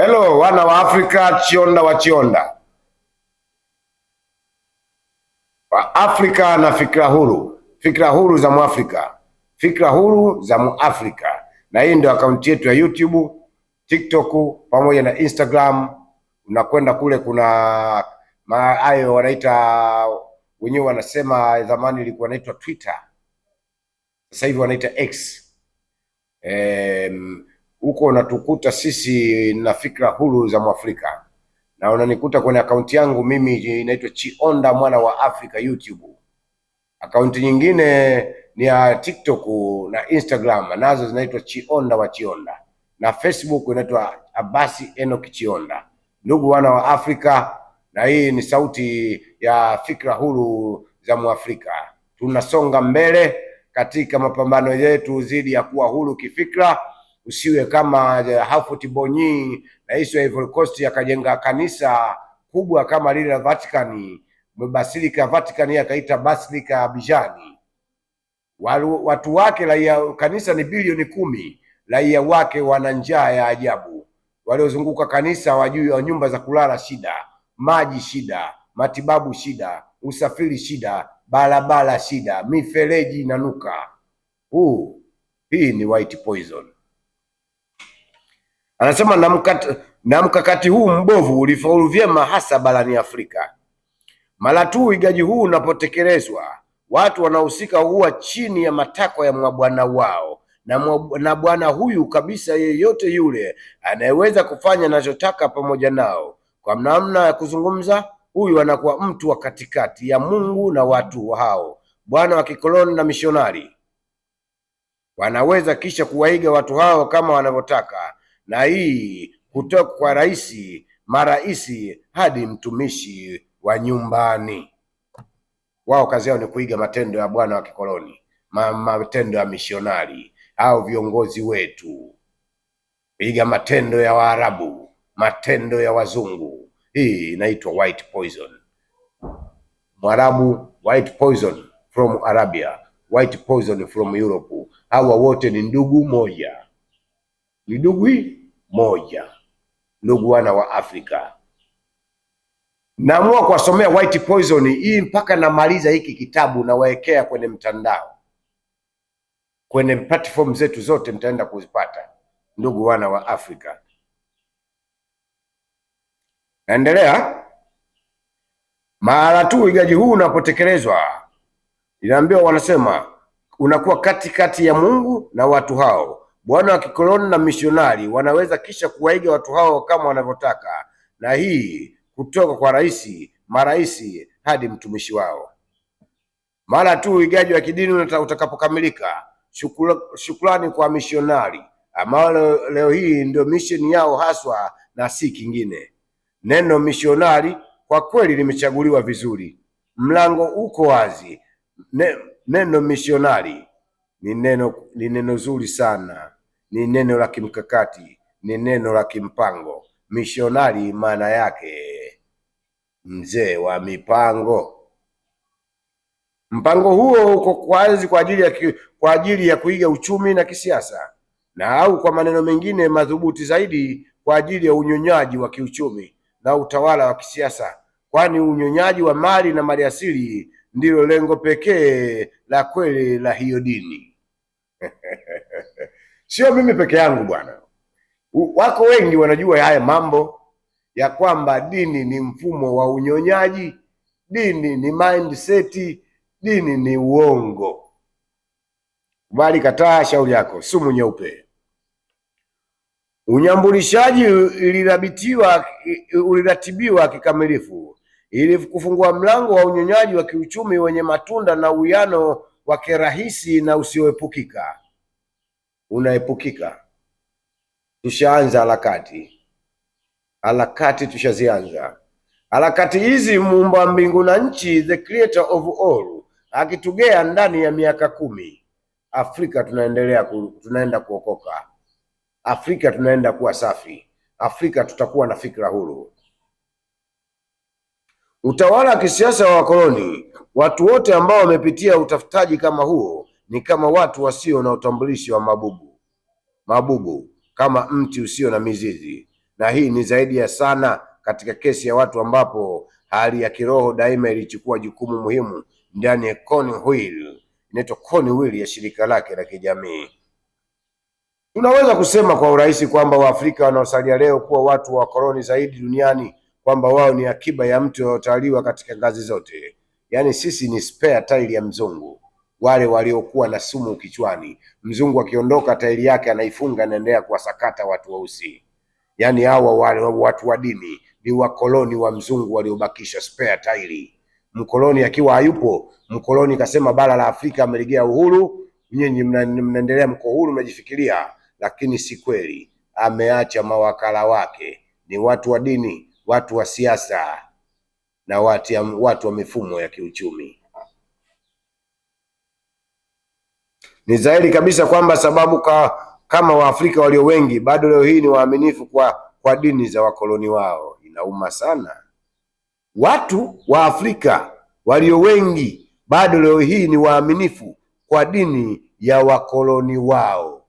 Hello wana wa Afrika, chionda wa chionda wa Afrika na fikra huru, fikra huru za Mwafrika, fikra huru za Mwafrika. Na hii ndio akaunti yetu ya YouTube, TikTok pamoja na Instagram. Unakwenda kule, kuna hayo wanaita wenyewe, wanasema zamani ilikuwa inaitwa Twitter, sasa hivi wanaita X. Um, huko unatukuta sisi na fikra huru za Mwafrika, na unanikuta kwenye akaunti yangu mimi inaitwa Chionda mwana wa Afrika YouTube. Akaunti nyingine ni ya TikTok na Instagram, nazo zinaitwa Chionda wa Chionda, na Facebook inaitwa Abasi Enoch Chionda. Ndugu wana wa Afrika, na hii ni sauti ya fikra huru za Mwafrika. Tunasonga mbele katika mapambano yetu dhidi ya kuwa huru kifikra usiwe kama Hafuti Bonyi, rais wa Ivory Coast akajenga kanisa kubwa kama lile la Vatican, basilika Vatican akaita basilika Abijani. Watu wake raia, kanisa ni bilioni kumi, raia wake wana njaa ya ajabu, waliozunguka kanisa wajui wa nyumba za kulala shida, maji shida, matibabu shida, usafiri shida, barabara shida, mifereji inanuka. Huu hii ni white poison. Anasema na mkakati, na mkakati huu mbovu ulifaulu vyema hasa barani Afrika. Mara tu uigaji huu unapotekelezwa, watu wanahusika huwa chini ya matakwa ya mwabwana wao na, na bwana huyu kabisa yeyote yule anayeweza kufanya anachotaka pamoja nao. Kwa namna ya kuzungumza, huyu anakuwa mtu wa katikati ya Mungu na watu hao, bwana wa kikoloni na mishonari. Wanaweza kisha kuwaiga watu hao kama wanavyotaka na hii kutoka kwa rais, marais hadi mtumishi wa nyumbani. Wao kazi yao ni kuiga matendo ya bwana wa kikoloni, matendo ya mishonari au viongozi wetu, iga matendo ya Waarabu, matendo ya wazungu. Hii inaitwa white poison. Mwarabu white poison from Arabia, white poison from Europe. Hawa wote ni ndugu moja, ni ndugu hii moja. Ndugu wana wa Afrika, naamua kuwasomea white poison hii mpaka namaliza hiki kitabu, nawaekea kwenye mtandao, kwenye platform zetu zote mtaenda kuzipata. Ndugu wana wa Afrika, naendelea. Mara tu uigaji huu unapotekelezwa, inaambiwa wanasema unakuwa katikati kati ya Mungu na watu hao Bwana wa kikoloni na misionari wanaweza kisha kuwaiga watu hao kama wanavyotaka, na hii kutoka kwa rais, marais hadi mtumishi wao. Mara tu uigaji wa kidini utakapokamilika, shukrani kwa misionari ambao leo, leo hii ndio misheni yao haswa na si kingine. Neno misionari kwa kweli limechaguliwa vizuri, mlango uko wazi. Ne, neno misionari ni neno, ni neno zuri sana ni neno la kimkakati, ni neno la kimpango. Mishonari maana yake mzee wa mipango. Mpango huo uko kwazi kwa ajili ya ki, kwa ajili ya kuiga uchumi na kisiasa, na au kwa maneno mengine madhubuti zaidi, kwa ajili ya unyonyaji wa kiuchumi na utawala wa kisiasa, kwani unyonyaji wa mali na mali asili ndilo lengo pekee la kweli la hiyo dini. Sio mimi peke yangu bwana, wako wengi wanajua haya mambo ya kwamba dini ni mfumo wa unyonyaji, dini ni mindset, dini ni uongo. Bali kataa, shauri yako, sumu nyeupe. Unyambulishaji uliratibiwa, uliratibiwa kikamilifu ili kufungua mlango wa unyonyaji wa kiuchumi wenye matunda na uwiano wa kirahisi na usioepukika unaepukika. Tushaanza harakati, harakati tushazianza harakati hizi. Muumba mbingu na nchi, the creator of all, akitugea ndani ya miaka kumi, Afrika tunaendelea ku, tunaenda kuokoka. Afrika tunaenda kuwa safi. Afrika tutakuwa na fikra huru. Utawala wa kisiasa wa wakoloni, watu wote ambao wamepitia utafutaji kama huo ni kama watu wasio na utambulishi wa mabubu mabubu, kama mti usio na mizizi, na hii ni zaidi ya sana katika kesi ya watu ambapo hali ya kiroho daima ilichukua jukumu muhimu ndani ya Cornwell, inaitwa Cornwell ya shirika lake la kijamii. Tunaweza kusema kwa urahisi kwamba Waafrika wanaosalia leo kuwa watu wa koloni zaidi duniani kwamba wao ni akiba ya mtu anayotawaliwa katika ngazi zote, yaani sisi ni spare tile ya mzungu wale waliokuwa na sumu kichwani. Mzungu akiondoka, tairi yake anaifunga, anaendelea kuwasakata watu weusi. Yaani hawa wale watu wa dini ni wakoloni wa mzungu waliobakisha spare tairi. Mkoloni akiwa hayupo, mkoloni kasema bara la Afrika amelegea uhuru, nyinyi mnaendelea mko uhuru, mnajifikiria, lakini si kweli. Ameacha mawakala wake ni watu wa dini, watu wa siasa na watu wa mifumo ya kiuchumi. Ni dhahiri kabisa kwamba sababu kwa kama Waafrika walio wengi bado leo hii ni waaminifu kwa, kwa dini za wakoloni wao. Inauma sana, watu wa Afrika walio wengi bado leo hii ni waaminifu kwa dini ya wakoloni wao.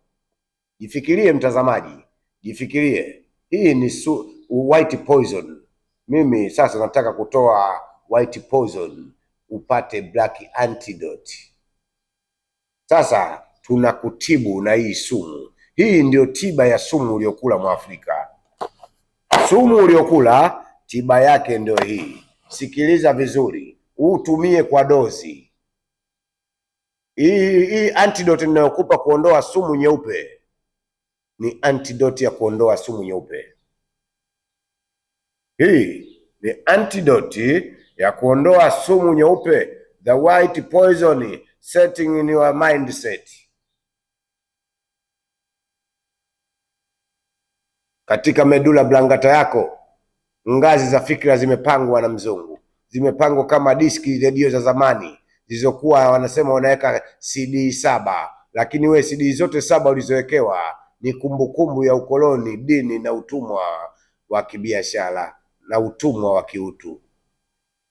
Jifikirie mtazamaji, jifikirie. Hii ni su, white poison. Mimi sasa nataka kutoa white poison upate black antidote. Sasa tunakutibu na hii sumu. Hii ndio tiba ya sumu uliokula Mwafrika. Sumu uliokula tiba yake ndio hii. Sikiliza vizuri, utumie kwa dozi hii. Hii antidote ninayokupa kuondoa sumu nyeupe ni antidote ya kuondoa sumu nyeupe. Hii ni antidote ya kuondoa sumu nyeupe, the white poison setting in your mindset. Katika medula blangata yako ngazi za fikra zimepangwa na mzungu, zimepangwa kama diski redio za zamani zilizokuwa wanasema wanaweka CD saba, lakini we CD zote saba ulizowekewa ni kumbukumbu -kumbu ya ukoloni, dini na utumwa wa kibiashara na utumwa wa kiutu.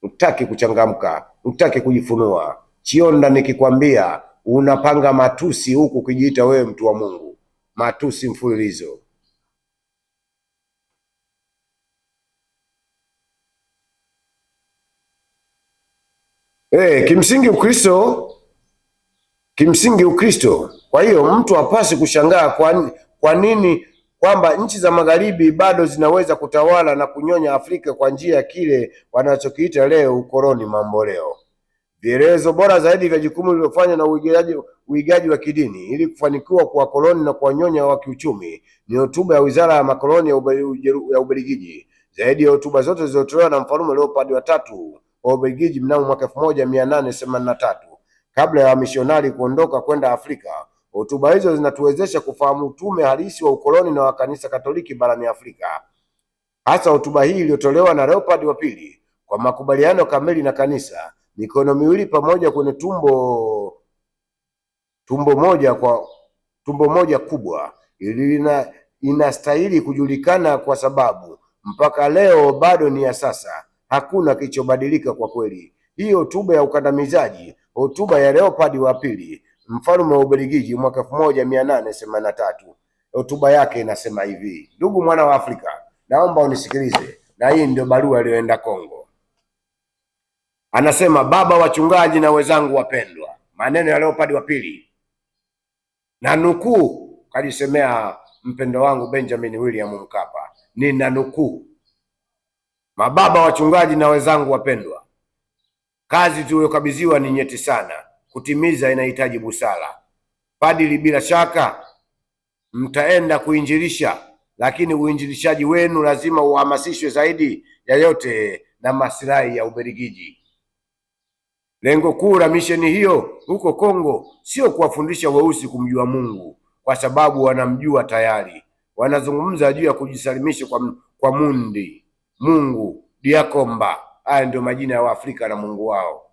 utaki kuchangamka, mtaki kujifunua. Chionda, nikikwambia unapanga matusi huku ukijiita wewe mtu wa Mungu, matusi mfululizo. Hey, eh, kimsingi Ukristo, kimsingi Ukristo. Kwa hiyo mtu hapasi kushangaa kwa, kwa nini kwamba nchi za magharibi bado zinaweza kutawala na kunyonya Afrika kwa njia ya kile wanachokiita leo ukoloni mamboleo. Vielelezo bora zaidi vya jukumu lililofanya na uigaji wa kidini ili kufanikiwa kwa wakoloni na kuwanyonya wa kiuchumi ni hotuba ya Wizara ya Makoloni ya Ubelgiji. Zaidi ya hotuba zote zilizotolewa na Mfalme Leopold wa tatu wa Ubelgiji mnamo mwaka elfu moja mia nane themanini na tatu kabla ya wamishonari kuondoka kwenda Afrika. Hotuba hizo zinatuwezesha kufahamu utume halisi wa ukoloni na wa Kanisa Katoliki barani Afrika, hasa hotuba hii iliyotolewa na Leopold wa pili kwa makubaliano kamili na Kanisa mikono miwili pamoja kwenye tumbo tumbo moja kwa tumbo moja kubwa ilina, inastahili kujulikana kwa sababu mpaka leo bado ni ya sasa, hakuna kilichobadilika kwa kweli. Hii hotuba ya ukandamizaji, hotuba ya Leopold wa pili, mfalme wa Ubelgiji mwaka elfu moja mia nane themanini na tatu. Hotuba yake inasema hivi: ndugu mwana wa Afrika, naomba unisikilize, na hii ndio barua aliyoenda Kongo anasema baba wachungaji na wenzangu wapendwa, maneno ya Leopold wa pili na nukuu, kalisemea mpendo wangu Benjamin William Mkapa, ni na nukuu, mababa wachungaji na wenzangu wapendwa, kazi tuliyokabidhiwa ni nyeti sana, kutimiza inahitaji busara. padili bila shaka mtaenda kuinjilisha, lakini uinjilishaji wenu lazima uhamasishwe zaidi ya yote na masilahi ya Ubelgiji. Lengo kuu la misheni hiyo huko Kongo sio kuwafundisha weusi kumjua Mungu, kwa sababu wanamjua tayari. Wanazungumza juu ya kujisalimisha kwa, kwa mundi Mungu, Diakomba. Haya ndio majina ya Waafrika na Mungu wao.